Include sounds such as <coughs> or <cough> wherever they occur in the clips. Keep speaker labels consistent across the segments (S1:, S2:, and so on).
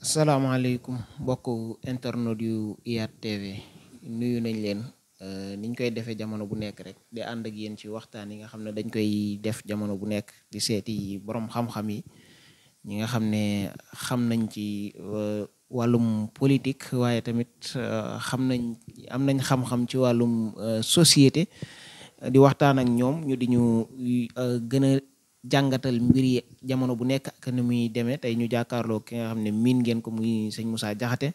S1: salaamaaleykum mbokk internet yu IYAT TV nuyu nañ leen euh, niñ koy defee jamono bu nekk rek di ànd ak yéen ci waxtaan yi nga xam ne dañ koy def jamono bu nekk di seeti borom xam yi ñi nga xam ne xam nañ ci euh, wàllum politique waaye tamit euh, xam nañ am nañ xam-xam ci wàllum société di waxtaan ak ñoom ñu di ñu gën a jàngatal mbir yi jamono bu nekk ak ni muy demee tey ñu jàkkaarloo ki nga xam ne miin ngeen ko muy sëñ musa Diakhaté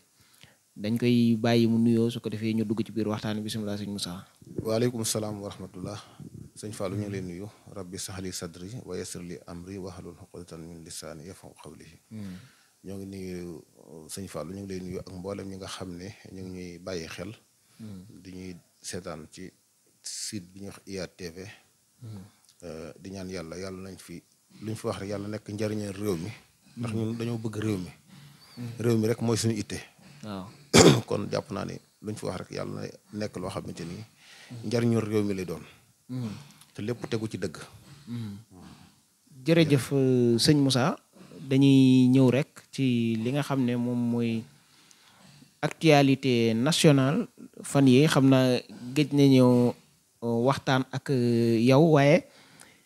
S1: dañ koy bàyyi mu nuyoo su ko defee ñu dugg ci biir
S2: waxtaan bi bisimilah sëñ Moussa. waaleykum salaam wa rahmatullah sëñ Fallou ñu ngi leen nuyu rabbi saxli sadri waaye yassir li amri wahlul uqdatan min lisaani yafqahu qawli hmm. ñoo ngi nuyu sëñ Fallou ñu ngi lay nuyu ak mboolem ñi nga xam ne ñu ngi ñuy bàyyi xel. Hmm. di ñuy seetaan ci site bi ñu wax IYAT Euh, di ñaan yàlla yàlla nañ fi luñ fi wax rek yàlla nekk njariñoo réew mi ndax ñun dañoo bëgg réew mi réew mi rek mooy suñu itte <coughs> kon jàpp naa ni lu ñu fi wax rek yàlla na nekk loo xamante ni njariñu réew mi lay doon hmm. lépp tegu ci dëgg hmm. Hmm.
S1: Euh, sëñ Moussa ñëw rek ci li nga xam ne moom mooy actualité nationale fan yi xam na gëj nañu euh, waxtaan ak yow waaye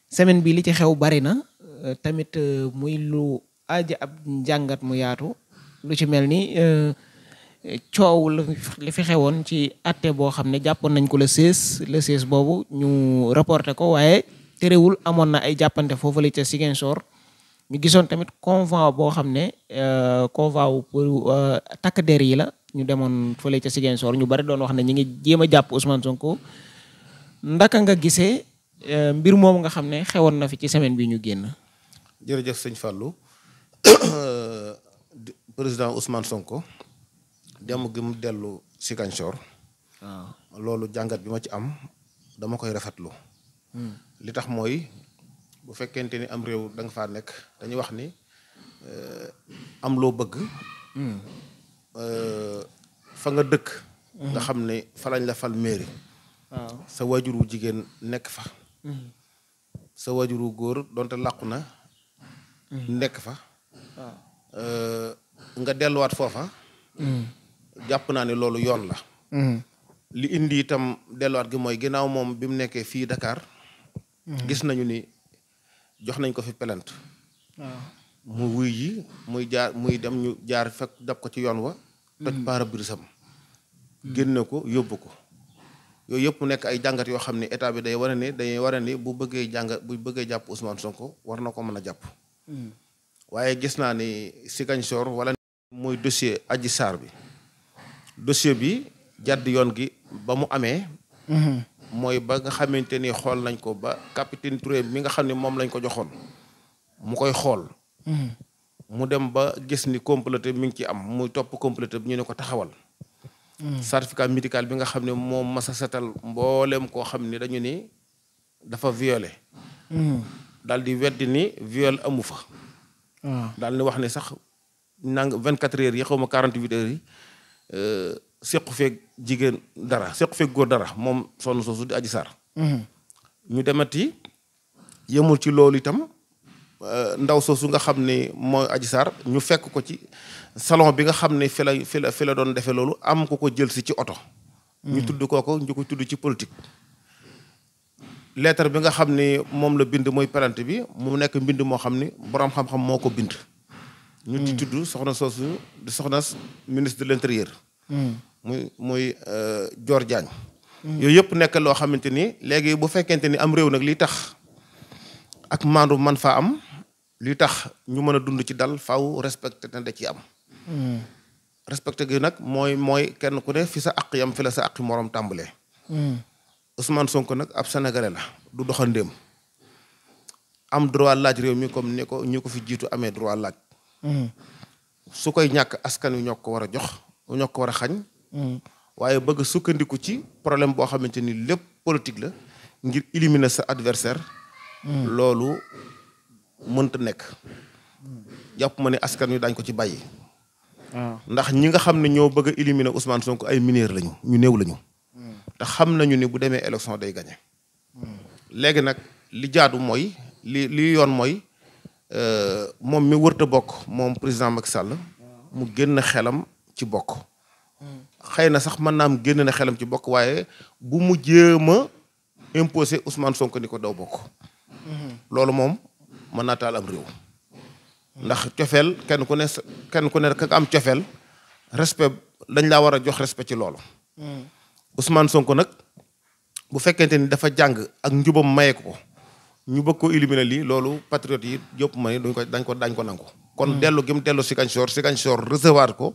S1: semaine bi li ci xew bari na euh, tamit euh, muy lu aaja ab njàngat mu yaatu lu ci mel ni euh, coow li fi xewoon ci atte boo xam ne jàppoon nañ ko le 16 le 16 boobu ñu reporté ko waaye terewul amoon na ay jàppante foofu la ca Ziguinchor ñu gisoon tamit convoi boo xam ne convoi wu pour takk der yi la ñu demoon fële ca Ziguinchor ñu bari doon wax na ñu ngi jéem a jàpp Ousmane Sonko ndaka nga gisee Euh, mbir moomu nga xam ne
S2: xewoon na fi ci semaine bi ñu génn. jërëjëf sëñ Fallou <coughs> président Ousmane Sonko dem gi mu dellu Ziguinchor. Ah. loolu jàngat bi ma ci am dama koy rafetlu. Hmm. li tax mooy bu fekkente ni am réew danga nga faa nekk dañuy wax ni euh, am loo bëgg. Hmm. Euh, fa nga dëkk. nga hmm. xam ne fa lañ la fal mairie. waaw ah. sa waajur wu jigéen nekk fa. sa wajuru góor donte làqu na nekk fa nga delluwaat foofa jàpp naa ne loolu yoon la li indi itam delluwaat gi mooy ginnaaw moom bi mu nekkee fii dakaar gis nañu ni jox nañ ko fi plainte mu wuy ji muy jaar muy dem ñu jaar fekk dab ko ci yoon wa toj mm. paara birisam génne ko yóbbu ko yooyu yëpp mu nekk ay jàngat yoo xam ne état bi day war a ne dañuy war a bu bëggee jàngat bu bëggee jàpp Ousmane Sonko war na ko mën a jàpp. Hmm. waaye gis naa ni Ziguinchor wala. mooy dossier aji Sarr bi dossier bi jàdd yoon gi ba mu amee. Hmm. mooy ba nga xamante ni xool nañ ko ba capitaine Touré mi nga xam ni moom lañ ko joxoon mu koy xool. Hmm. mu dem ba gis ni complété mi ngi ci am muy topp complété bi ñu ne ko taxawal. certificat médical bi nga xam ne moom mas a setal mboolem koo xam ni dañu ni dafa violé daal di weddi ni viol amu fa ah. daal ni wax ni sax nang vingt quatre heures yi xaw ma quarante huit heures yi euh, sequ feeg jigéen dara sequ feeg góor dara moom sonn soosu di aji hmm. ñu demati yemul ci loolu itam euh, ndaw soosu nga xam ni mooy aji sar ñu fekk ko ci salon bi nga xam ne fi la fi la doon defee loolu am ku ko jël si ci oto. Hmm. ñu tudd kooko ñu ko tudd ci politique. lettre bi nga xam ni moom la bind mooy parent bi mu nekk mbind moo xam ni borom xam-xam moo ko bind. ñu ci hmm. tudd soxna soosu di soxna ministre de l'intérieur. Hmm. muy muy joor euh, Diagne. yooyu yëpp nekk loo xamante ni léegi bu fekkente ni am réew nag li tax ak maandu man faa am li tax ñu mën a dund ci dal faw respecté na da ci am. Hmm. respecté gi nag mooy mooy kenn ku ne fi sa aq yam fi la sa aqi moroom tàmbalee hmm. Ousmane sonk nag ab sénégalais la du doxandéem am droit laaj réew mi comme ni ko ñu ko fi jiitu amee droit laaj hmm. su koy ñàkk askan wi ñoo ko war a jox ñoo ko war a xañ waaye bëgg sukkandiku ci problème boo xamante ni lépp politique la ngir éliminer sa adversaire loolu mënta nekk jàpp ma ne askan wi dañ ko ci bàyyi ndax ñi nga xam ne ñoo bëgg a éliminer sonk ay mineurs lañu ñu néew lañu. Hmm. te xam nañu ni bu demee élection day gagné. Hmm. léegi nag li jaadu mooy li li yoon mooy euh, moom mi wërta bokk moom président Macky Sall hmm. mu génn xelam ci bokk. xëy na sax man naa am génn na xelam ci bokk waaye bu mu jéem a imposé Ousmane Sonko ni ko daw bokk. loolu moom mën naa taal am réew. ndax cofeel kenn ku ne kenn ku ne ka am cofeel respect dañ laa war a jox respect ci loolu. Hmm. Ousmane Sonko nag bu fekkente ni dafa jàng ak njubam maye ko ñu bëgg ko éliminer lii loolu patriote yi yëpp ma ni duñ ko dañ ko dañ ko nangu. kon hmm. dellu gi mu dellu Ziguinchor Ziguinchor recevoir ko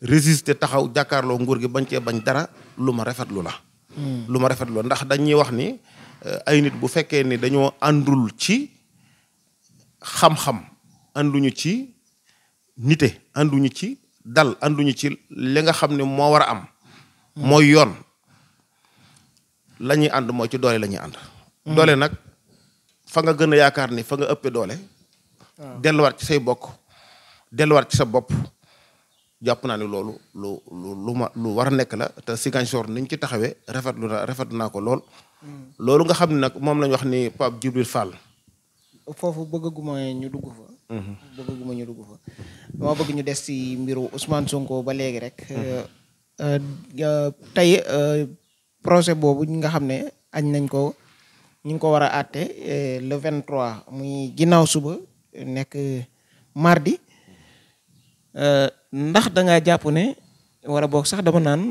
S2: résister taxaw jàkkaarloo nguur gi bañ cee bañ dara lu ma rafetlu la. Hmm. lu ma rafetlu ndax dañuy wax ni euh, ay nit bu fekkee ni dañoo àndul ci xam-xam. ñu ci nite ñu ci dal ñu ci li nga xam ne moo war a am mooy yoon la ñuy ànd mooy ci doole la ñuy ànd mm. doole nag fa nga gën a yaakaar ni fa nga ëppee doole ah. delluwaat ci say bokk delluwaat ci sa bopp jàpp naa ne loolu lu lu lu ma lu war a nekk la te Ziguinchor ni ci taxawee rafetlu na rafetlu naa ko lool mm. loolu nga xam ne nag moom lañ wax ni Pape Djibril Fall
S1: foofu bëgguma ñu dugg fa ba bëgguma ñu dugg fa dama bëgg ñu des ci mbiru Ousmane Sonko ba léegi rek hmm. euh, euh, tey euh, projet boobu nga xam ne añ nañ ko ñu ngi ko war a àtte le 23 muy ginnaaw suba nekk mardi ndax da ngaa jàpp ne wala boog sax dama naan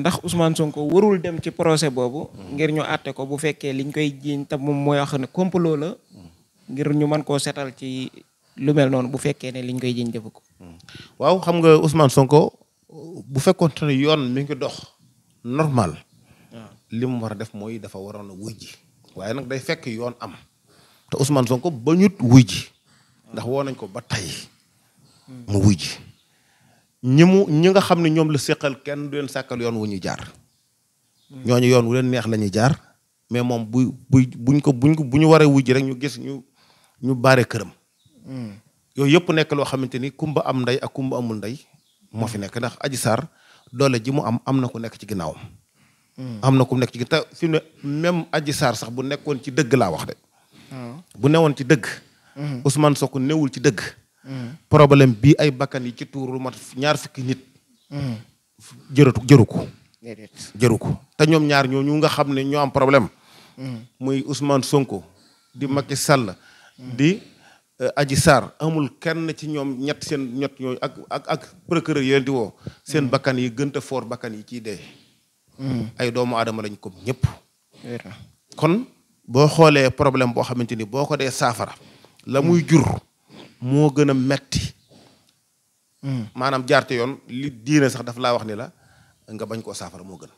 S1: ndax Ousmane Sonko warul dem ci projet boobu hmm. ngir ñu àtte ko bu fekkee liñ koy jiiñ te moom mooy wax ne complot la ngir ñu man koo seetal ci lu mel noonu bu fekkee ne liñ koy jëñ defu ko.
S2: waaw xam nga Ousmane Sonko bu fekkoonte ne yoon mi ngi dox normal. Ah. li mu war a def mooy dafa waroon a wuy ji waaye nag day fekk yoon am te Ousmane Sonko ba ñu wuy ji ndax woo nañ ko ba tey hmm. mu wuy ji ñi nga xam ne ñoom la séqal kenn du leen sàkkal yoon wu ñuy jaar hmm. ñooñu yoon wu leen neex la jaar mais moom bu bu buñ ko buñ ko bu ñu waree wuy ji rek ñu gis ñu ñu baare këram. Hmm. yooyu yëpp nekk loo xamante ni kumba am ndey ak kumba amul ndey moo fi nekk ndax aji saar doole ji mu am am na ku nekk ci ginnaawam. Hmm. am na ku nekk ci fi même aji saar sax bu nekkoon ci dëgg laa wax de. Hmm. bu newoon ci dëgg. Ousmane Sonko newul ci dëgg. problème bii ay bakkan yi ci tuuru ma ñaar fukki nit. jërëtu jëru ko. jëru ko te ñoom ñaar ñooñu nga xam ne ñoo am problème. muy Ousmane Sonko di Macky Sall. di euh, aji saar amul kenn ci ñoom ñett seen ñett ñooñu ak ak ak procureur yooyu di woo seen mm. bakkan yi gënta foor bakkan yi ciy dee mm. ay doomu aadama lañ ko ñëpp kon boo xoolee problème boo xamante ni boo ko dee saafara la muy mm. jur moo gën a metti maanaam jaarte yoon li diine sax daf laa wax ni la nga bañ koo saafara moo gën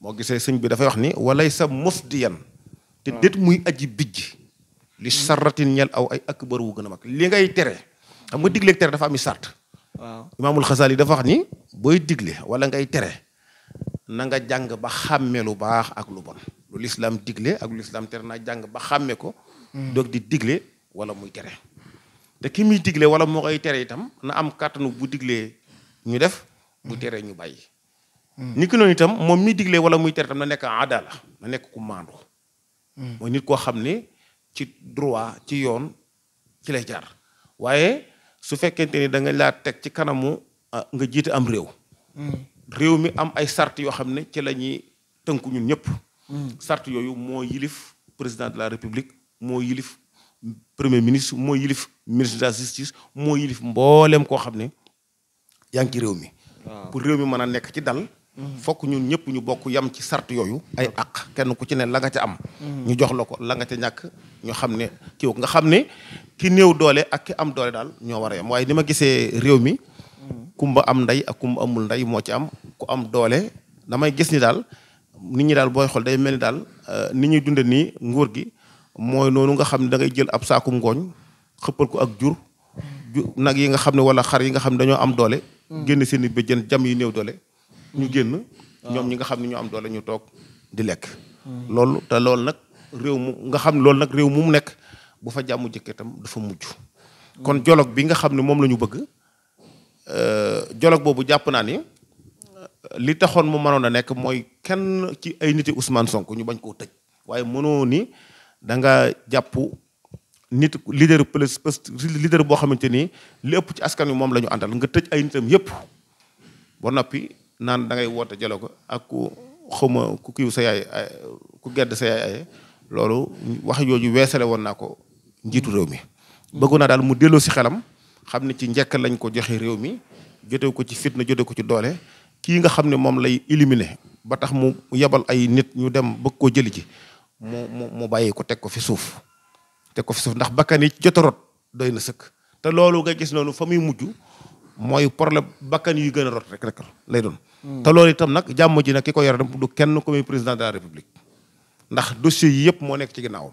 S2: moo gisee sëñ bi dafay wax ni walay sa mufdiyan te ah. dét muy aji bijj li sarratin ñel aw ay akbar wu gën a mag li ngay tere xam nga digleeg tere dafa am i sart. waaw imaamul xasaali dafa wax ni booy digle wala ngay tere na nga jàng ba xàmme lu baax ak lu bon lu lislaam digle ak lu lislaam tere na jàng ba xàmme ko. Hmm. doog di digle wala muy tere. te ki muy digle wala moo koy tere itam na am kàttanu bu digle ñu def bu tere ñu bàyyi. Hmm. ni ki itam moom mi digle wala muy tere itam na nekk adala na nekk ku maandu. Hmm. mooy nit koo xam ne ci droit ci yoon ci lay jaar waaye su fekkee ni da nga laa teg ci kanamu ah, nga jiite am réew. Hmm. réew mi am ay sart yoo xam ne ci la ñuy tënku ñun ñëpp. Hmm. sart yooyu moo yilif président de la république moo yilif premier ministre moo yilif ministre de la justice moo yilif mbooleem koo xam ne yaa ngi ci réew mi. pour réew mi mën a nekk ci dal. fokk ñun ñëpp ñu bokk yam ci sart yooyu ay àq kenn ku ci ne la nga ca am ñu jox la ko la ñàkk ñu xam ne kiiw nga xam ne ki néew doole ak ki am doole daal ñoo war a yam ma gisee réew mi kumba am ndey ak amul ndey moo ci am ku am doole damay gis ni daal nit ñi daal booy xool day mel ni daal euh, nit ñuy dunde nii nguur gi mooy noonu nga xam ne dangay jël ab saakum ngooñ xëppal ko ak jur nag yi nga xam ne wala xar yi nga xam ne dañoo am doole mm. génn seen i bëjjën jam yi néew doole ñu génn. ñoom ñi nga xam ne ñoo am doole ñu toog di lekk. loolu te loolu nag réew mu nga xam loolu nag réew mu mu nekk bu fa jàmm jëkkee tam dafa mujj. kon dialogue mm. bi nga xam ne moom la ñu bëgg dialogue euh, boobu jàpp naa ni euh, li taxoon mu mënoon a nekk mooy kenn ci ay niti Ousmane sonk ñu bañ koo tëj waaye mënoo ni da nga jàpp nit leader plus leader boo xamante ni li ëpp ci askan moom la ñu àndal nga tëj ay nitam yëpp ba noppi. naan da ngay woote jalo ko ak ku xawma ku kiiw sa yaay ku gedd sa yaay loolu wax jooju weesale woon naa ko njiitu réew mi bëggoon naa daal mu delloo si xelam xam ne ci njëkk lañ ko joxe réew mi jotew ko ci fitna jote ko ci doole kii nga xam ne moom lay éliminer ba tax mu yebal ay nit ñu dem bëgg koo jëli ci mu mu mu bàyyi ko teg ko fi suuf teg ko fi suuf ndax bakkan yi jot a rot doy na sëkk te loolu nga gis noonu fa muy mujj mooy problème bakkan yu gën a rot rek rek lay doon. te loolu itam nag jàmm ji nag ki ko yore du kenn ku muy président de la république ndax dossier yi yëpp moo nekk ci ginnaawam.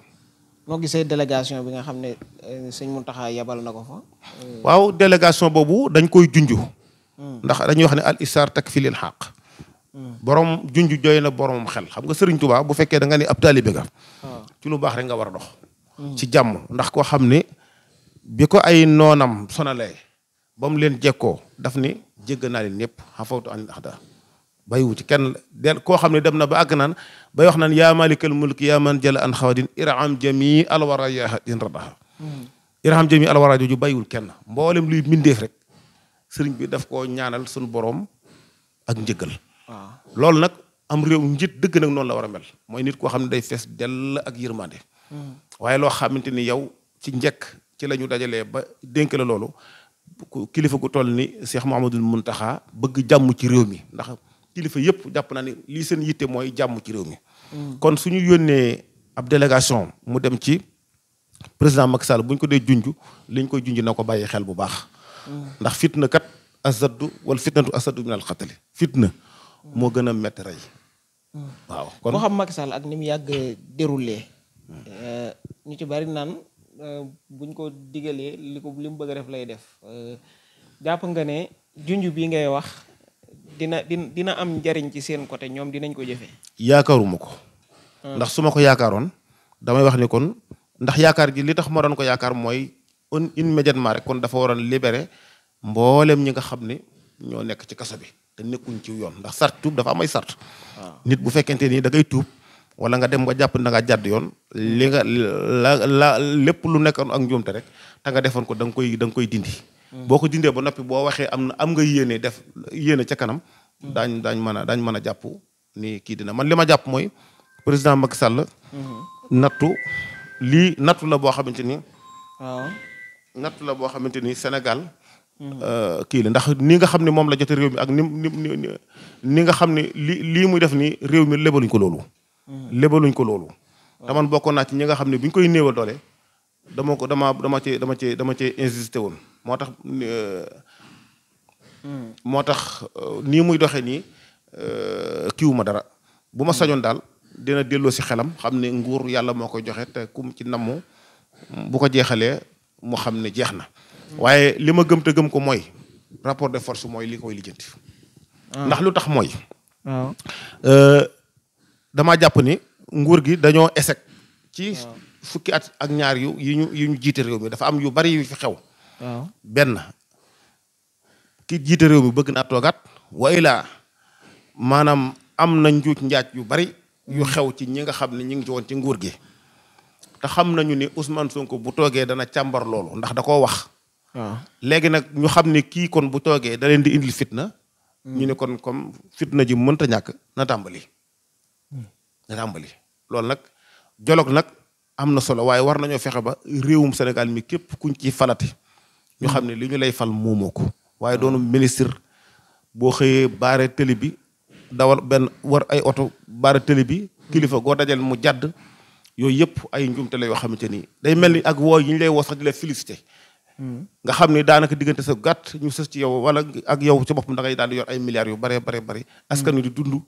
S2: moo
S1: gisee délégation bi nga xam ne eh, sëñ Mountakha yabal na ko fa.
S2: Eh. waaw délégation boobu dañ koy junj. Hmm. ndax dañuy wax ne al isaar takfilil xaq. Hmm. borom junj jooy na boromam xel xam nga Serigne Touba bu fekkee da nga ne ab taalibe nga. Ah. ci lu baax rek nga war a dox. Hmm. ci jàmm ndax koo xam ne bi ko ay noonam sonalee. ba mu leen jekkoo daf ni jégg naa leen ñëpp xafawtu anil axda bàyyiwu ci kenn del koo xam ne dem na ba àgg naan bay wax naan yaa malikal mulki yaa man jëla an xawadin irham jami alwara din radaha hmm. irham jami alwara jooju bàyyiwul kenn mboolem luy mbindeef rek sëriñ bi daf koo ñaanal suñu boroom ak njëgal loolu nag am réew njit dëgg nag noonu la war a mel mooy nit koo xam ne day fees dell ak yërmande hmm. waaye loo xamante ni yow ci njëkk ci lañu dajalee ba dénk la loolu kilifa ku toll ni Cheikh Mouhamadoul taxa bëgg jàmm ci réew mi ndax kilifa yëpp jàpp naa ni lii seen yitte mooy jàmm ci réew mi. Mm. kon suñu yónnee ab délégation mu dem ci président Macky Sall bu ñu ko dee junj liñ koy junj na ko bàyyi xel bu baax. Mm. ndax fitna kat asaddu wala fitnatu asaddu min al xatali fitna mm. moo gën a métti rey. waaw xam Macky ak ni mu yàgg déroulé. Euh, ñu ci
S1: bari naan. Euh, buñ ko digalee li ko li mu bëgg a def lay def euh, jàpp nga ne junj bi ngay wax dina dina dina am njariñ ci seen côté ñoom dinañ ko jëfee.
S2: yaakaaruma ko. Ah. ndax su ma ko yaakaaroon damay wax ni kon ndax yaakaar gi li tax ma doon ko yaakaar mooy un immédiatement rek kon dafa waroon libéré mboolem ñi nga xam ne ñoo nekk ci kaso bi te nekkuñ ci yoon ndax sart tuub dafa am ay sart. Ah. nit bu fekkente ni da ngay tuub. wala nga dem ba jàpp ne da jàdd yoon li nga la la lépp lu nekkoon ak njuumte rek te nga defoon ko da nga koy da nga koy dindi. boo ko dindee ba noppi boo waxee am na am nga yéene def yéene ca kanam. daañ daañ mën a daañ mën a jàpp ni kii dina man li ma jàpp mooy président mag Sall. nattu lii nattu la boo xamante ni. waaw la boo xamante ni Sénégal. Euh, kii la ndax ni nga xam ne moom la jote réew mi ak ni ni nga xam ne li lii muy def nii réew mi lebaluñ ko loolu. lébaluñ ko loolu te man bokkoon naa ci ñi xam ne bi ñu koy néewal doole dama ko dama dama ci dama ci dama ci insisté woon moo tax hmm. moo tax euh, nii muy doxee nii euh, kiiwu ma dara bu ma sañoon daal dina delloo si xelam xam ne nguur yàlla moo koy joxe te kum ci namm bu ko jeexalee mu xam ne jeex na waaye li ma gëm te gëm ko mooy rapport de force mooy li koy lijjanti ah. ndax lu tax mooy ah. euh, dama jàpp ni nguur gi dañoo échec. ci fukki at ak ñaar yu yu ñu jiite réew mi dafa am yu bari yu fi xew. benn ki jiite réew mi bëgg naa toogaat. wa illah maanaam am na njuuj njaaj yu bari yu hmm. xew ci ñi nga xam ne ñu ngi ci ci nguur gi. te xam nañu ni Ousmane Sonko bu toogee dana càmbar loolu ndax da koo wax. léegi nag ñu xam ni kii kon bu toogee da leen di indil fitna. Hmm. ñu ne kon comme fitna ji mënta ñàkk na tàmbali. ràmbali loolu nag dialogue nag am na solo waaye war nañoo fexe ba réewum Sénégal mi képp kuñ ci falati ñu xam ne li ñu lay fal moomoo ko waaye doonu ministre boo xëyee baare télé bi dawal benn war ay oto baare télé bi kilifa goo dajal mu jàdd yooyu yëpp ay njuumte la yoo xamante ni day mel ni ak woo yi ñu lay woo sax di la nga xam ni daanaka diggante sa gàtt ñu sës ci yow wala ak yow ci boppam da daal di yor ay milliards yu bare bare bëri askan wi di dundu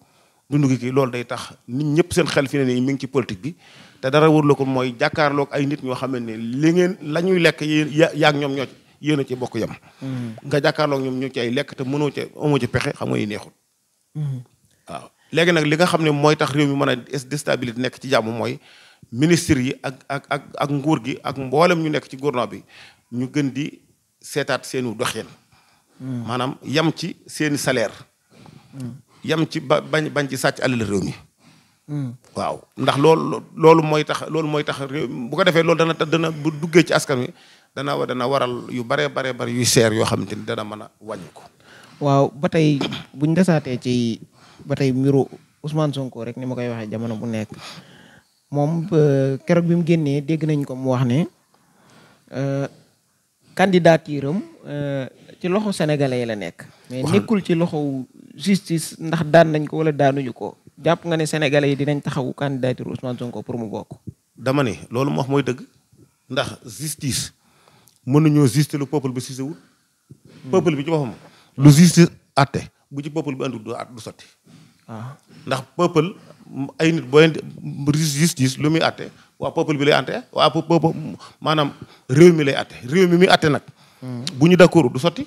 S2: dund gi kii loolu day tax nit ñëpp seen xel fi ne nii mi ngi ci politique bi te dara wër la ko mooy jàkkaarloog ay nit ñoo xam ne li ngeen la ñuy lekk yéen yaag ñoom ñoo yéen a ci bokk yam mm-hmm. nga jàkkaarlook ñoom ñoo ci ay lekk te mënoo ca amoo ca pexe xam nga yi neexul.
S1: Mm-hmm.
S2: léegi nag li nga xam ne mooy tax réew mi mën a déstabilité nekk ci jàmm mooy ministre yi ak ak ak ak nguur gi ak mboolem ñu nekk ci gouvernement bi ñu gën di seetaat seenu doxin. Mm-hmm. maanaam yam ci seeni salaire. yam ci ba bañ bañ ci sàcc alal réew mi. Hmm. waaw ndax loolu loolu mooy tax loolu mooy tax bu ko defee loolu dana dana bu duggee ci askan wi dana dana waral yu baree baree bari yuy seer yoo xamante ni dana mën a wàññi ko.
S1: waaw ba tey buñ desaatee ci ba tey mbiru Ousmane Sonko rek ni ma koy waxee jamono bu nekk moom keroog bi mu génnee dégg nañ ko mu wax ne. Euh, candidature am euh, ci loxo sénégalais yi la nekk. mais nekkul ci loxo justice ndax daan nañ ko wala daanuñu ko jàpp nga ne sénégalais yi dinañ taxawu candidature Ousmane Sonko pour mu bokk.
S2: dama ne loolu mu wax mooy dëgg ndax justice mënuñoo juste lu peuple bi sise wut. peuple bi ci boppam lu juste àtte bu ci peuple bi andul du at du sotti. waaw ah. ndax peuple ay nit booy justice lu muy àtte waa peuple bi lay àtte waa peuple maanaam réew mi lay àtte réew mi muy àtte nag. Hmm. bu ñu d'accord du sotti.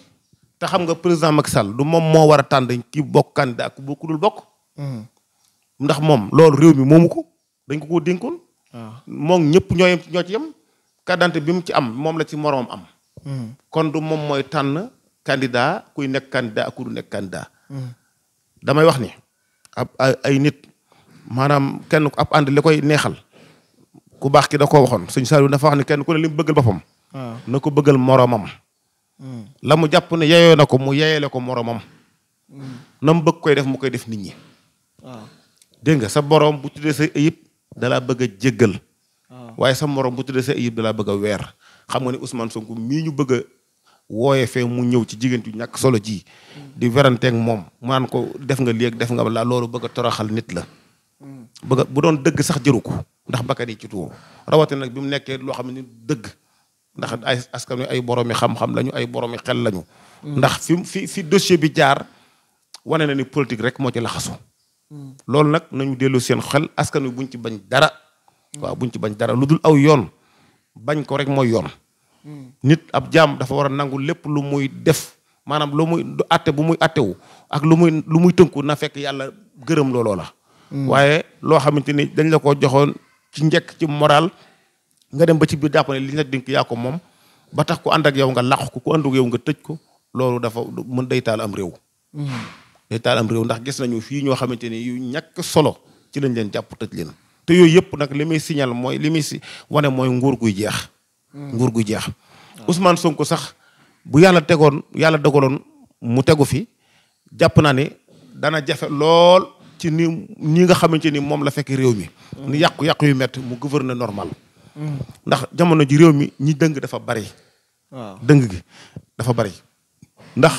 S2: te xam nga président Macky Sall du moom moo war a ki bokk candidat ku bokk dul bokk. Hmm. moom loolu réew mi moomu ko dañ ko koo dénkoon. Ah. moom ñëpp ñoo ñoo ci yem. carte bi mu ci am moom la ci moroomam am. Hmm. kon du moom mooy tànn candidat kuy nekk ku du nekk hmm. damay wax ni ab ay nit maanaam kenn ab ànd li koy neexal ku baax ki da koo waxoon sëñ Saliou dafa wax ni kenn ku ne li bëggal boppam. Ah. na ko bëggal moroomam. la mu jàpp ne yeyoo na ko mu yeyeele ko moroomam na mu bëgg koy def mu koy def nit ñi. waaw ah. dégg nga sa borom bu tuddee sa ayib dalaa bëgg a ah. waaye sa morom bu tuddee sa ayib dalaa bëgg a weer xam nga ne Ousmane Sonko mii ñu bëgg wooye fee mu ñëw ci jigéen ju ñàkk solo ji. di weranteeg moom maan ko def nga léegi def nga laa loolu bëgg toroxal nit la. Hmm. bëgg bu doon dëgg sax jëru ko ndax bakkan yi ci tuwo rawatina nag bi mu nekkee loo xam ni dëgg. ndax ay askan wi ay boroomi xam-xam lañu ay boromi xel lañu. ndax fi fi fi dossier bi jaar wane na ni politique rek moo ci laxasu. loolu nag nañu delloo seen xel askan wi buñ ci bañ dara. waaw buñ ci bañ dara lu dul aw yoon bañ ko rek mooy yoon. nit ab jaam dafa war a nangu lépp lu muy def maanaam lu muy du atte bu muy attewu ak lu muy lu muy tënku na fekk yàlla gërëm looloo la. Mm. waaye loo xamante ni dañ la ko joxoon ci njëkk ci moral. nga dem ba ci biir jàpp ne li nga dénk yaa ko moom ba tax ku ànd ak yow nga làq ko ku ànd ak yow nga tëj ko loolu dafa mën day taal am réew. Hmm. day taal am réew ndax gis nañu fii ñoo xamante ni ñàkk solo ci lañ leen jàpp leen. te yooyu yëpp nag li muy signal mooy li muy si wane mooy nguur guy jeex. Hmm. nguur guy jeex. Ah. Ousmane Sonko sax bu yàlla tegoon yàlla dogaloon mu tegu fi jàpp naa ne dana jafe lool ci ni ñi nga xamante ni moom la fekk réew mi. Hmm. ni yàqu yàqu yu métti mu gouverner normal. ndax jamono ji réew mi ñi dëng dafa bari. dëng gi dafa bari. ndax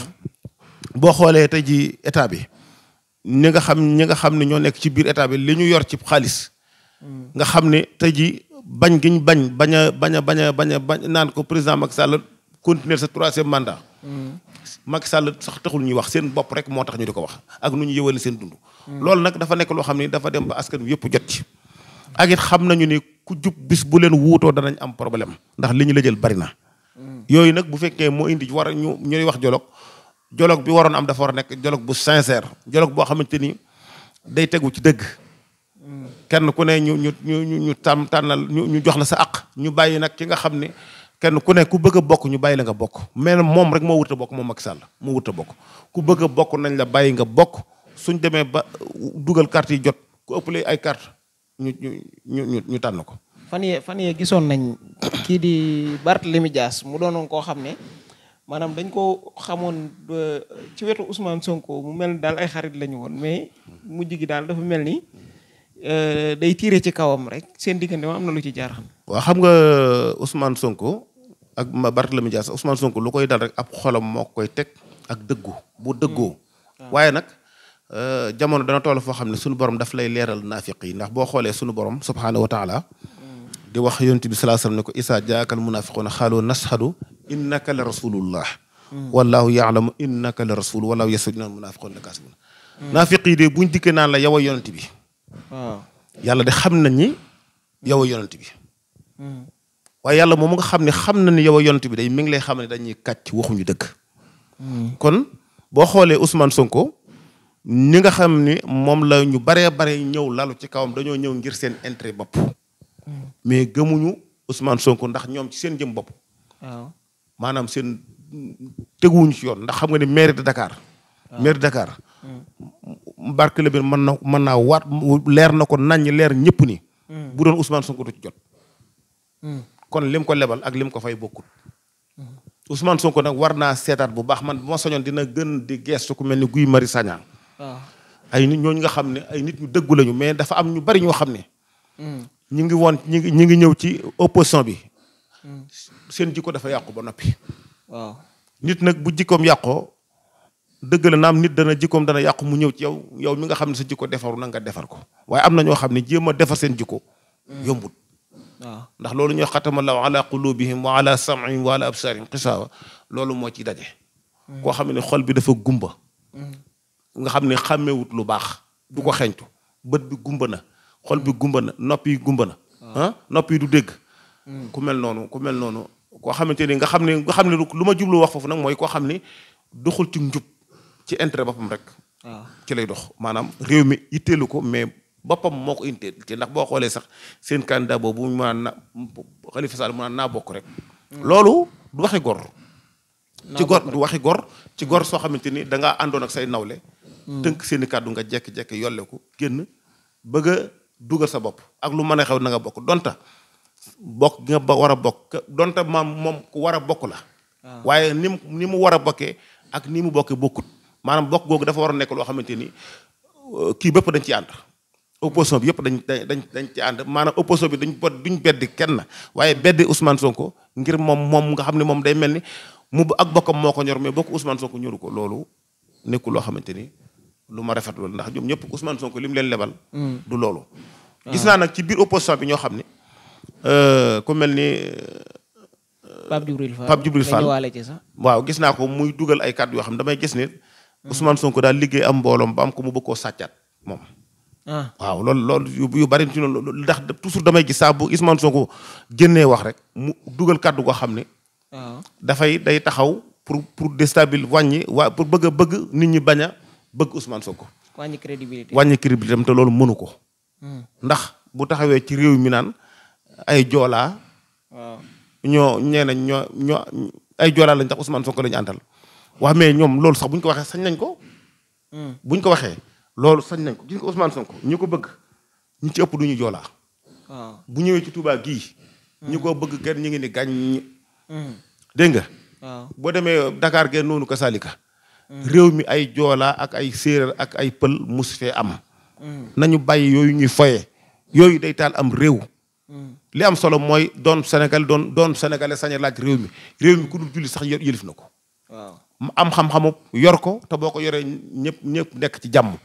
S2: boo xoolee tey ji état bi ñi nga xam ñi nga xam ne ñoo nekk ci biir état bi li ñu yor ci xaalis. Mm. nga xam ne tey ji bañ giñ bañ bañ a bañ bañ bañ a naan ko président Macky Sall continuer sa troisième mandat. Mm. Macky Sall sax taxul ñuy wax seen bopp rek moo tax ñu di ko wax ak nu ñu yëwale seen dund. Mm. loolu nag dafa nekk loo xam ne dafa dem ba askan wi yëpp jot ci. ak it xam nañu ni ku jub bis bu leen wuutoo danañ am problème ndax li ñu la jël bari na. yooyu nag bu fekkee moo indi war ñu ñuy wax jolog jolog bi waroon am dafa war a nekk joloog bu sincère joloog boo xamante ni day tegu ci dëgg. kenn ku ne ñu ñu ñu ñu tàmm tànnal ñu ñu jox la sa àq ñu bàyyi nag ki nga xam ne kenn ku ne bëgg a bokk ñu bàyyi la nga bokk mais moom rek moo wut a bokk moom Macky Sall moo wut a bokk ku bëgg a bokk nañ la bàyyi nga bokk suñ demee ba dugal carte yi jot ku ëppalee ay kart ñu ñu ñu ñu tànn ko.
S1: fan yee fan yee gisoon nañ kii di barte Barthélemy Dias mu doonoon koo xam ne maanaam dañ koo xamoon ci wetu Ousmane Sonko mu mel ni daal ay xarit lañu woon mais mujj gi daal dafa mel ni euh, day tiire ci kawam rek seen diggante ma am na lu ci jaar xam.
S2: waaw xam nga euh, Ousmane Sonko ak Barthélemy Dias Ousmane Sonko lu koy dal rek ab xolam moo koy teg ak dëggu bu dëggoo hmm. waaye nag. Euh, jamono dana toll foo xam ne sunu borom daf lay leeral naafiq yi ndax boo xoolee sunu borom subhaanahu wa taala di wax yonent bi salaa ne ko isaa jaakal munaafiquuna xaaloo nashhadu innaka la rasulullah wallahu yaalamu innaka la rasul wallahu yasud naan munaafiquuna la kaasibuuna naafiq yi de buñ dikkee naan la yow a yonent bi waaw yàlla de xam nañ ni yow bi hmm. waaye yàlla moom nga xam ne xam na ni yow a bi day mi ngi lay xam ne dañuy kàcc waxuñu dëgg hmm. kon boo xoolee usman Sonko ni nga xam ni moom la ñu baree bare ñëw lalu ci kawam dañoo ñëw ngir seen intérêt bopp mais gëmuñu Ousmane Sonko ndax ñoom ci seen jëm bopp waaw maanaam seen teguwuñu ci yoon ndax xam nga ni maire de Dakar maire de Dakar
S1: mm.
S2: Barthélémy bi mën na mën naa waat leer na ko naññ leer ñëpp ni mm. bu doon Ousmane Sonko du ci jot mm. kon lim ko lebal ak lim ko fay bokkut Ousmane Sonko nag war naa seetaat bu baax man bu ma soñoon dina gën di gestu ku mel ni Guy Marius Sagna ay nit ñooñu nga xam ne ay nit ñu dëggu lañu mais dafa am ñu bari ñoo xam ne. ñu ngi woon ñu ñu ngi ñëw ci opposition bi. seen jikko dafa yàqu ba noppi. waaw nit nag bu jikkoom yàqoo dëgg la naam nit dana jikkoom dana yàqu mu ñëw ci yow yow mi nga xam ne sa jikko defaru na nga defar ko waaye am na ñoo xam ne jéem a defar seen jikko. yombut. waaw ndax loolu ñoo xatama law ala la wa ala waa wa ala absarihim xisaawa loolu moo ci daje. koo xam ne xol bi dafa gumba. Mm-hmm. nga xam ne xàmmewut lu baax du ko xeñtu bët bi gumba na xol bi gumba na nopp yi gumba na ah. ah, noppi yi du dégg hmm. ku mel noonu ku mel noonu koo xamante ni nga xam ne nga xam ne lu ma jublu wax foofu mooy koo xam ne doxul ci njub ci intérêt boppam rek ah. ci lay dox maanaam réew mi itteelu ko mais boppam moo ko inteel ci ndax boo xoolee sax seen candidat boobu mu naan na Khalifa Sall mu naan naa bokk rek hmm. loolu du waxi gor ci gor du waxi gor ci gor soo xamante ni da ngaa àndoon ak say nawle Mm. tënk seen kàddu nga jekki-jekki ko génn bëgg dugal sa bopp ak lu mën a xew nanga bokk donta bokk nga ba war a bokk donta maam moom war a bokk la ah. waaye ni mu ni mu war a bokkee ak ni mu bokkee bokkut maanaam bokk googu dafa war a nekk loo xamante ni euh, kii bépp dañ ci ànd opposition bi yëpp dañ dañ dañ ci ànd maanaam opposition bi dañ bot duñ beddi kenn waaye beddi Ousmane Sonko ngir moom moom nga xam ne moom day mel ni mu ak bokkam moo ko ñor mais bokk Ousmane Sonko ñoru ko loolu nekkul loo xamante ni lu ma loolu ndax ñoom ñëpp Ousmane Sonko li mu leen lebal. Mm. du loolu. Ah. gis naa nag ci biir opposition bi ñoo xam ne euh, ku mel ni. Euh,
S1: Pape Djibril Fall Pape Djibril Fall
S2: waaw gis naa ko muy dugal ay kàddu yoo xam ne damay gis ne. Mm. Ousmane Sonko daal liggéey am mbooloom ba am ko mu bëgg sàccaat moom. Ah. waaw loolu loolu yu bari ci noonu toujours damay gis saa bu Ousmane wax rek mu dugal kàddu goo xam ne. Ah. dafay day taxaw pour pour déstabiliser wàññi waa pour bëgg a bëgg nit ñi bañ a bëgg Ousmane Sonko.
S1: wàññi crédibilité wàññi crédibilité
S2: am te loolu mënu ko. Hmm. ndax bu taxawee ci réew mi naan ay joolaa. waaw ñoo ñee nañ ñoo ñoo ay joolaa lañ tax usman Sonko lañu àndal. wax mais ñoom loolu sax bu ñu ko waxee sañ nañ ko. Hmm. buñ ko waxee loolu sañ nañ ko gis nga Ousmane Sonko ñi ko bëgg ñu ci ëpp duñu ñu bu ñëwee ci Touba gii. Hmm. ñi ko bëgg kenn ñu ngi ni gàññ. dégg nga. waaw boo demee dakaar gee noonu ko Salika. réew mi ay joolaa ak ay séeréer ak ay pël musu fee am nañu bàyyi yooyu ñuy foye yooyu day taal am réew li am solo mooy doon Sénégal doon doon sénégalais sañ a réew mi réew mi ku dul julli sax yëlif na ko waaw am xam yor ko te boo ko yoree ñëpp ñëpp nekk ci jàmm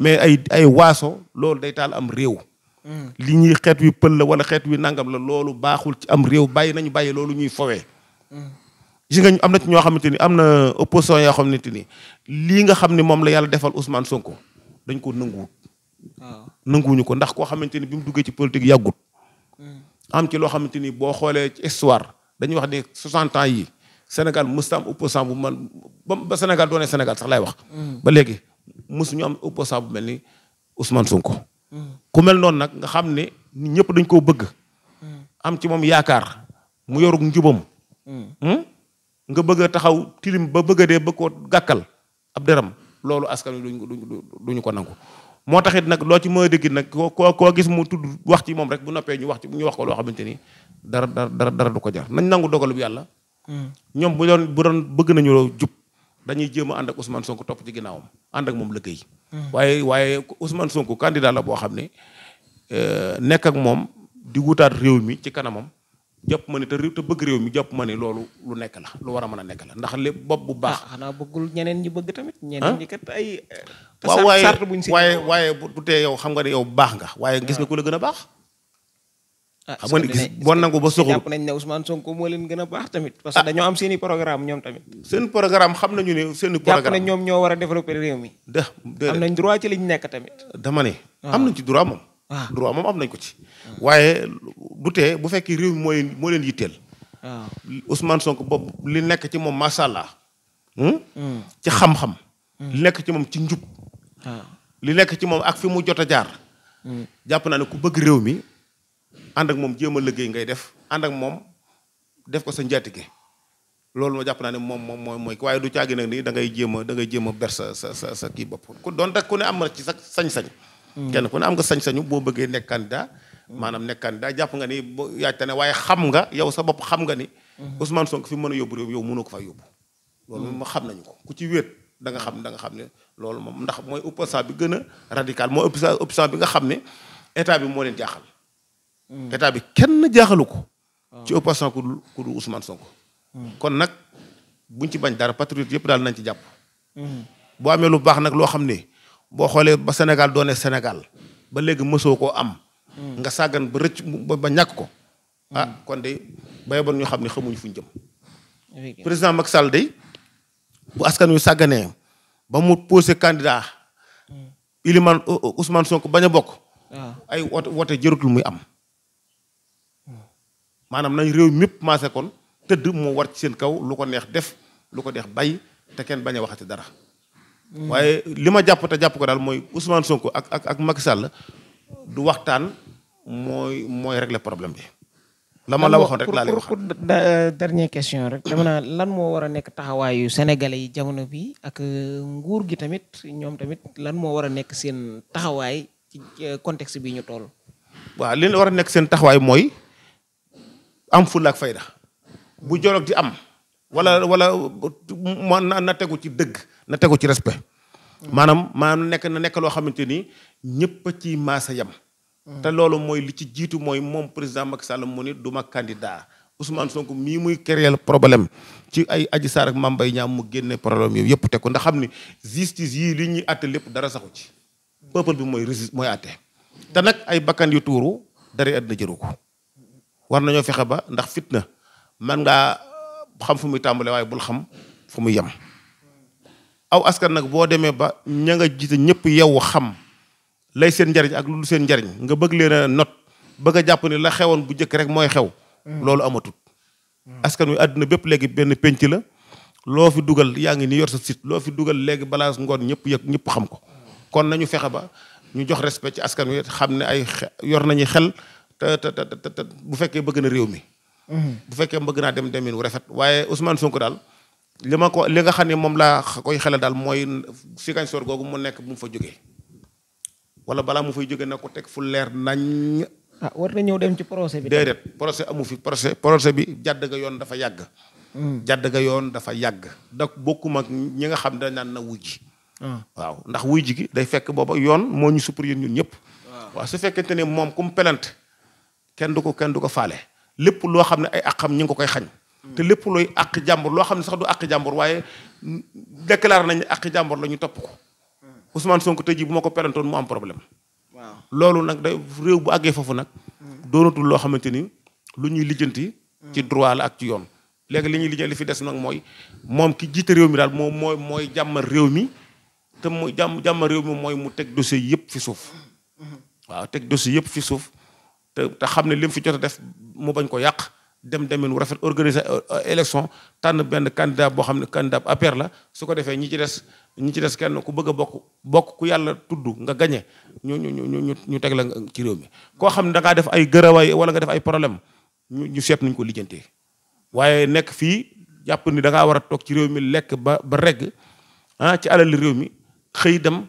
S2: mais ay ay waaso loolu day am réew mm. li ñuy xeet wi pël la wala xeet wi nangam la loolu baaxul ci am réew bàyyi nañu bàyyi loolu ñuy fowee mm. gis nga am na ci ñoo xamante ni am na opposition yoo xamante ni lii nga xam ne moom la yàlla defal Ousmane Sonko dañ koo nanguwut. waaw ah. nanguwuñu ko ndax koo xamante ni bi mu duggee ci politique yàggut. Hmm. am ci loo xamante ni boo xoolee ci histoire dañuy wax ni 60 yi Sénégal mosut am man ba Sénégal doonee Sénégal sax lay wax. Hmm. ba léegi mosuñu am opposant bu mel ni Ousmane Sonko. Hmm. ku mel noonu nag nga xam ne ñëpp dañ koo bëgg. am ci moom yaakaar mu yorug njubam. nga bëgg a taxaw tilim ba bëgg a dee bëgg koo gàkkal ab deram loolu askan wi du duñu ko nangu moo taxit nag loo ci mën déggi dégg nag ko koo gis mu tudd wax ci moom rek bu noppee ñu wax ci ñu wax ko loo xamante ni dara dara dara du ko jar nañ nangu dogalu bi yàlla hmm. ñoom bu doon bu doon bëgg nañu jub dañuy jéem a ànd ak Ousmane Sonko topp ci ginnaawam ànd ak moom liggéey hmm. waaye waaye Ousmane Sonko candidat la boo xam ne euh, nekk ak moom di wutaat réew mi ci kanamam jàpp ma ne te réew te bëgg réew mi jàpp ma ne loolu lu nekk la lu war a mën a nekk la ndax lépp bopp bu baax. Ah, xanaa bëggul ñeneen ñi bëgg tamit. Ah? ñeneen ñi kat ay. Eh, waaw waaye waaye waaye bu tee yow xam nga ne yow baax nga. waaye gis nga ah. ku la gën a baax. xam nga gis bon nangu ba soxla jàpp nañ ne Ousmane Sonko moo leen a baax tamit. parce que dañoo am seen i ñoom tamit. seen programme xam nañu ne seen i. programme jàpp nañ ñoom ñoo war a développer réew mi. de am nañ droit ci nekk tamit. dama ne. am nañ ci duraa moom Ah. droit moom am nañ ko ci. waaye du bu fekkee réew mooy moo leen yitteel. waaw ah. Ousmane bopp li nekk ci moom macha allah. Hmm? Hmm. ci xam-xam. Hmm. li nekk ci moom ci njub. Ah. li nekk ci moom ak fi mu jot a jaar. jàpp naa ne ku bëgg réew mi ànd ak moom jéem a liggéey ngay def ànd ak moom def ko sa njaatige. loolu ma jàpp naa ne moom moom mooy mooy waaye du caagi nag nii da ngay jéem a da ngay a ber sa sa sa kii bopp ku doon rek ku ne am na ci sag sañ-sañ. kenn ku ne am nga sañ-sañu boo bëggee nekk candidat maanaam nekk candidat jàpp nga ni boo yaajte ne waaye xam nga yow sa bopp xam nga ni Ousmane Sonko fi mën a yóbbu réew yow mënoo ko fa yóbbu loolu ma xam nañu ko ku ci wéet da nga xam da nga xam ne loolu moom ndax mooy opposant bi gën a radical mooy bi nga xam ne état bi moo leen jaaxal hmm. état bi kenn jaaxalu ko ah. ci opposant ku dul ku dul Sonko hmm. kon nag buñ ci bañ dara patriote yëpp daal nañ ci jàpp hmm. boo amee lu baax nag loo xam ne boo xoolee ba Sénégal doone Sénégal ba léegi mësoo koo am. Hmm. nga sàggan ba rëcc ba ñàkk ko. Hmm. ah kon de bay bon ñu xam ne xamuñ fuñ jëm. président Macky Sall de bu askan wi sàgganee ba mu posé candidat. Hmm. Iliman Ousmane Sonko bañ a bokk. Ah. ay wote wote jërutul muy am. maanaam nañ réew mépp maase kon tëdd mu war ci seen kaw lu ko neex def lu ko neex bay te kenn bañ a waxati dara. waaye li ma jàpp te jàpp ko daal mooy Ousmane Sonko ak ak ak Macky Sall du waxtaan mooy mooy la problème bi. la ma la waxoon rek laa lay
S1: wax question rek dama naa lan moo war a nekk taxawaayu sénégalais yi jamono bi ak euh, nguur gi tamit ñoom tamit lan moo war a nekk seen taxawaay ci euh,
S2: contexte bi ñu toll. waaw li war a nekk seen taxawaay mooy am fulla ak fayda bu joloog di am. wala wala mo na tegu ci dëgg na tegu ci respect maanaam maanaam nekk na nekk loo xamante ni ñëpp a ciy maasa yam te loolu mooy li ci jiitu mooy moom président Macky Sall mu ni du ma candidat Ousmane Sonko mii muy créer problème ci ay Adji Sarr ak Mame ñaam mu génne problème yooyu yëpp teg ko ndax xam ni justice yii li ñuy àtte lépp dara saxu ci peuple bi mooy résist mooy àtte te nag ay bakkan yu tuuru dara àddina jëru ko war nañoo fexe ba ndax fitna xam fu muy tàmbale waaye bul xam fu muy yem aw askan nag boo demee ba ñanga nga jiite ñëpp yow xam lay seen njariñ ak lu seen njariñ nga bëgg leen a not bëgg a jàpp ni la xewoon bu njëkk rek mooy xew loolu amatut askan wi àdduna bépp léegi benn pénc la loo fi dugal yaa ngi ni yor sa sit loo fi dugal léegi balaa ngoon ñëpp yëg ñëpp xam ko kon nañu fexe ba ñu jox respect ci askan wi xam ne ay yor nañu xel te te te bu fekkee bëgg na réew mi bu fekkee bëgg naa dem demin wu rafet waaye Ousmane Sonko daal li ma ko li nga xam ne moom laa koy xelal daal mooy Ziguinchor googu mu nekk bu mu fa jógee wala balaa mu fay jóge na ko teg fu leer nañ.
S1: Ah, war na ñëw dem ci procès bi. déedéet
S2: procès amu fi procès procès bi jàdd ga yoon dafa yàgg. Hmm. jàdd ga yoon dafa yàgg. da bokkuma ñi nga xam ne naan na wuy ah. waaw ndax wuy ji gi day fekk booba yoon moo ñu supérieur ñun ñëpp. Ah. waaw su fekkente ne moom ku mu kenn du ko kenn du ko faale. lépp loo xam ne ay àqam ñu ngi ko koy xañ te lépp looy àq jàmbur loo xam ne sax du àq jàmbur waaye déclaré nañ àq jàmbur la ñu topp ko hmm. Ousmane sonk tey jii bu ma ko perantoon mu am problème waaw loolu nag day réew bu àggee foofu nag hmm. doonatul loo xamante ni lu ñuy lijjanti hmm. ci droit la ak ci yoon léegi li ñuy lijjanti li fi des nag mooy moom ki jiita réew mi daal moom mooy mooy jàmmal réew mi te mu jàmm jàmmal réew mi mooy mu teg dossier yëpp fi suuf waaw teg dossier yëpp fi suuf te xam ne lim fi jot a def mu bañ ko yàq dem demin wu rafet organiser euh, euh, élection tànn benn candidat boo xam ne bu APR la su ko defee ñi ci des ñi ci des kenn ku bëgg a bokk bokk ku yàlla tudd nga gañe ñu ñu ñu ñu ñu teg la ci réew mi. koo xam ne da ngaa def ay gërëwaay wala nga def ay problème ñu ñu seet nuñ ko lijjantee waaye nekk fii jàpp ni da war a toog ci réew mi lekk ba ba regg ah ci alal réew mi xëy dem.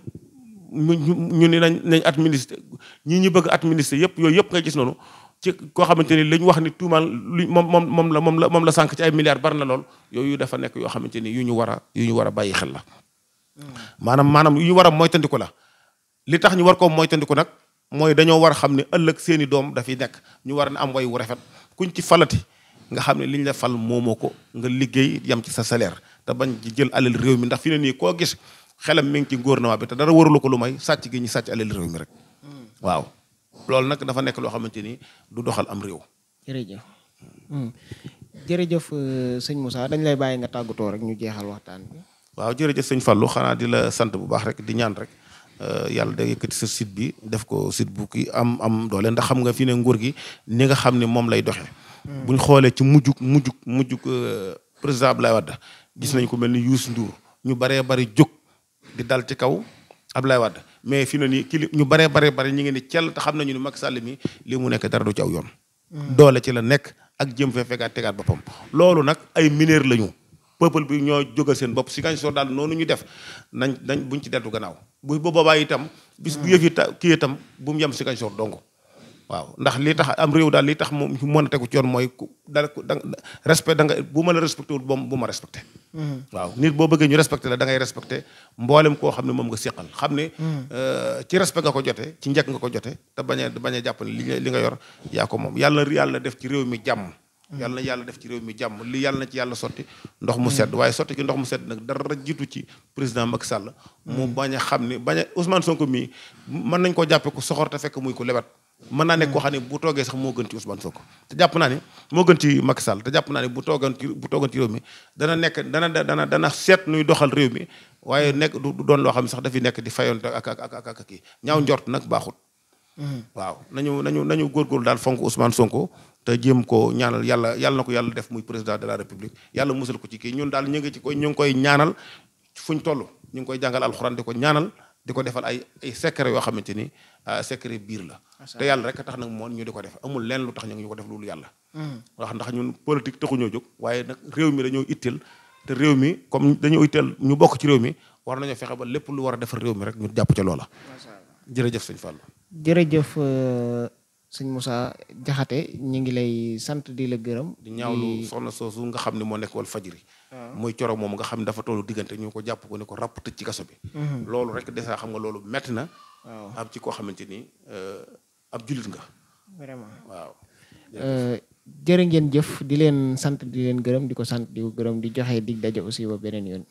S2: ñu ñu ni nañ nañ administre ñii ñu bëgg administre yëpp yooyu yëpp ngay gis noonu ci koo xamante ni lañ wax ni tuumaal lu moom moom moom la moom la moom la sànq ci ay milliards bari na lool yooyu dafa nekk yoo xamante ni yu ñu war a yu ñu war a bàyyi xel la hmm. maanaam maanaam yu ñu war a moytandiku la li tax ñu war koo moytandiku nag mooy dañoo war a xam ne ëllëg seeni doom dafiy nekk ñu war a ne am way wu rafet kuñ ci falati nga xam ne liñ la fal moomoo ko nga liggéey yam ci sa salaire te bañ ci jël alal réew mi ndax fi ne nii koo gis xelam mi ngi ci gouvernement bi te dara warulu ko lu may sàcc gi ñu sàcc alal réew mi rek hmm. waaw loolu nag dafa nekk loo xamante ni du doxal am réew.
S1: jërëjëf hmm. jërëjëf euh, sëñ Moussa dañ lay bàyyi nga tàggatoo rek ñu jeexal waxtaan bi.
S2: waaw jërëjëf sëñ Fallou xanaa di la sant bu baax rek di ñaan rek euh, yàlla da yëkkati sa site bi def ko site bu ki am am doole ndax xam nga fi ne nguur gi ni nga xam ne moom lay doxee. Hmm. buñ xoolee ci mujjug mujjug mujjug euh, président Abdoulaye Wade gis nañ ko mel ni Youssou Ndour ñu baree bari jóg. di dal ci kaw Abdoulaye Wade mais fi ne nii kii ñu baree baree bare ñu ngi ne cell te xam nañu ni mag sàll mi lii mu nekk dara du ci aw yoon. Hmm. doole ci la nekk ak jëm fee fekkaat tegaat boppam. loolu nag ay mineur lañu peuple bi ñoo jógal seen bopp si kañ soo daal noonu ñu def nañ nañ buñ ci deltu gannaaw bu boobaa itam. bis bu hmm. yëf yi ta kii bu mu yem si kañ soo dong. waaw ndax li tax am réew daal li tax moom mën a tegu ci yoon mooy da da nga bu ma la respecté wul boom bu ma respecté mm-hmm. waaw nit boo bëggee ñu respecté la da ngay respecté mboolem koo xam ne moom nga séqal xam ne mm-hmm. euh, ci ko jote ci njëkk nga ko jote te bañ a bañ a li nga yor yaa ko moom yàlla yàlla def ci réew mi jàmm mm-hmm. yàlla na yàlla def ci réew mi jàmm li yàlla na ci yàlla sotti ndox mu sedd waaye sotti ci ndox mu sedd nag dara jiitu ci président Macky Sall mu bañ a xam ne bañ a Ousmane mii mën nañ koo jàppe ku soxor te fekk muy ku lebat mën naa nekk koo xam ne bu toogee sax moo gën ci Ousmane Sonko te jàpp naa ne moo gën ci Macky Sall te jàpp naa ne bu bu toogoon ci mi dana nekk dana dana dana seet nuy doxal réew mi waaye nekk du doon loo xam ne sax dafi nekk di fayoonte ak ak ak ak kii ñaaw njort nag baaxut hmm. waaw nañu nañu nañu góorgóorlu fonk Ousmane Sonko te jéem ko ñaanal yàlla yàlla ko yàlla def muy président de la république yàlla musal ko ci kii ñun daal ñu ngi ci koy ñu koy ñaanal fuñ toll ñu ngi koy jàngal alxuraan ko ñaanal di ko defal ay ay secret yoo xamante ni ah, secret biir la te yàlla rek a tax nag moom ñu di ko def amul leen lu tax ñu ko def loolu yàlla wax hmm. ndax ñun politique taxuñoo jóg waaye nag réew mi dañoo itteel te réew mi comme dañoo itteel ñu bokk ci réew mi war nañoo fexe ba lépp lu war a defar réew mi rek ñu jàpp ca loola jërëjëf sëñ Fall jërëjëf
S1: euh, suñ Moussa Jaxate ñu ngi lay sant di la gërëm di ñaawlu
S2: soxna soosu nga xam ne moo nekk wal fajiri Ah. muy coro moom nga xam ne dafa tollu diggante ñu ko jàpp ko ne ko ràpp tëj ci kaso bi mhm. loolu rek dèjà xam nga loolu metti na am ci koo xamante ni euh, ab jullit nga vraiment waaw
S1: euh, jërë ngeen jëf di leen sant di leen gërëm di ko sant di ko gërëm di joxe dig daje aussi ba beneen yoon